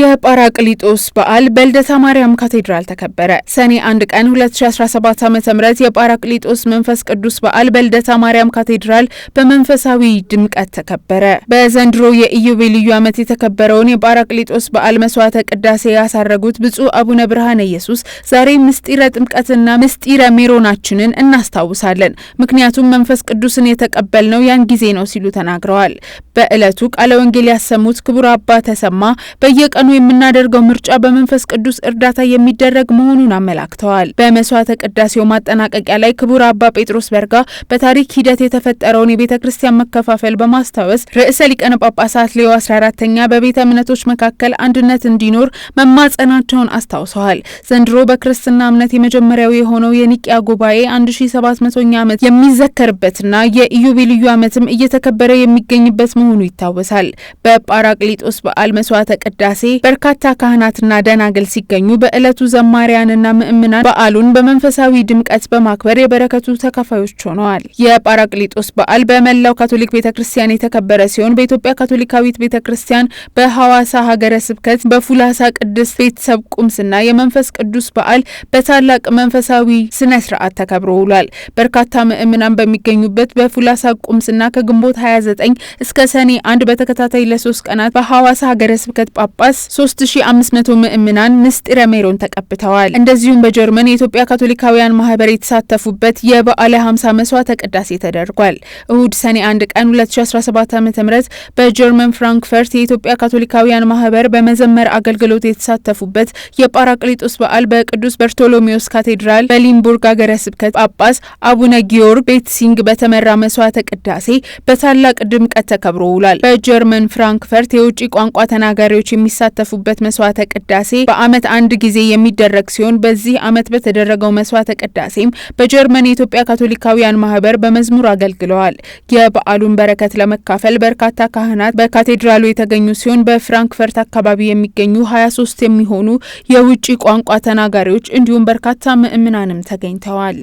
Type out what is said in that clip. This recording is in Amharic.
የጳራቅሊጦስ በዓል በልደታ ማርያም ካቴድራል ተከበረ። ሰኔ አንድ ቀን 2017 ዓ ም የጳራቅሊጦስ መንፈስ ቅዱስ በዓል በልደታ ማርያም ካቴድራል በመንፈሳዊ ድምቀት ተከበረ። በዘንድሮ የኢዮቤልዩ ዓመት የተከበረውን የጳራቅሊጦስ በዓል መስዋዕተ ቅዳሴ ያሳረጉት ብፁዕ አቡነ ብርሃነ ኢየሱስ ዛሬ ምስጢረ ጥምቀትና ምስጢረ ሜሮናችንን እናስታውሳለን፣ ምክንያቱም መንፈስ ቅዱስን የተቀበልነው ያን ጊዜ ነው ሲሉ ተናግረዋል። በዕለቱ ቃለ ወንጌል ያሰሙት ክቡር አባ ተሰማ በየቀ በየቀኑ የምናደርገው ምርጫ በመንፈስ ቅዱስ እርዳታ የሚደረግ መሆኑን አመላክተዋል። በመስዋዕተ ቅዳሴው ማጠናቀቂያ ላይ ክቡር አባ ጴጥሮስ በርጋ በታሪክ ሂደት የተፈጠረውን የቤተ ክርስቲያን መከፋፈል በማስታወስ ርዕሰ ሊቀነ ጳጳሳት ሌዮ 14ተኛ በቤተ እምነቶች መካከል አንድነት እንዲኖር መማጸናቸውን አስታውሰዋል። ዘንድሮ በክርስትና እምነት የመጀመሪያው የሆነው የኒቅያ ጉባኤ 1700ኛ ዓመት የሚዘከርበትና የኢዮቤልዩ ዓመትም እየተከበረ የሚገኝበት መሆኑ ይታወሳል። በጳራቅሊጦስ በዓል መስዋዕተ ቅዳሴ በርካታ ካህናትና ደናግል ሲገኙ በዕለቱ ዘማሪያንና ምእምናን በዓሉን በመንፈሳዊ ድምቀት በማክበር የበረከቱ ተካፋዮች ሆነዋል። የጳራቅሊጦስ በዓል በመላው ካቶሊክ ቤተ ክርስቲያን የተከበረ ሲሆን በኢትዮጵያ ካቶሊካዊት ቤተ ክርስቲያን በሐዋሳ ሀገረ ስብከት በፉላሳ ቅድስት ቤተሰብ ቁምስና የመንፈስ ቅዱስ በዓል በታላቅ መንፈሳዊ ስነ ስርዓት ተከብሮ ውሏል። በርካታ ምእምናን በሚገኙበት በፉላሳ ቁምስና ከግንቦት 29 እስከ ሰኔ አንድ በተከታታይ ለሶስት ቀናት በሐዋሳ ሀገረ ስብከት ጳጳስ 3500 ምእምናን ምስጢረ ሜሮን ተቀብተዋል። እንደዚሁም በጀርመን የኢትዮጵያ ካቶሊካውያን ማህበር የተሳተፉበት የበዓለ 50 መስዋዕተ ቅዳሴ ተደርጓል። እሁድ ሰኔ 1 ቀን 2017 ዓ.ም በጀርመን ፍራንክፈርት የኢትዮጵያ ካቶሊካውያን ማህበር በመዘመር አገልግሎት የተሳተፉበት የጳራቅሊጦስ በዓል በቅዱስ በርቶሎሜዎስ ካቴድራል በሊምቡርግ አገረ ስብከት ጳጳስ አቡነ ጊዮርግ ቤትሲንግ በተመራ መስዋዕተ ቅዳሴ በታላቅ ድምቀት ተከብሮ ውሏል። በጀርመን ፍራንክፈርት የውጭ ቋንቋ ተናጋሪዎች የሚሳ የሚሳተፉበት መስዋዕተ ቅዳሴ በአመት አንድ ጊዜ የሚደረግ ሲሆን በዚህ አመት በተደረገው መስዋዕተ ቅዳሴም በጀርመን የኢትዮጵያ ካቶሊካውያን ማህበር በመዝሙር አገልግለዋል። የበዓሉን በረከት ለመካፈል በርካታ ካህናት በካቴድራሉ የተገኙ ሲሆን በፍራንክፈርት አካባቢ የሚገኙ 23 የሚሆኑ የውጭ ቋንቋ ተናጋሪዎች እንዲሁም በርካታ ምእምናንም ተገኝተዋል።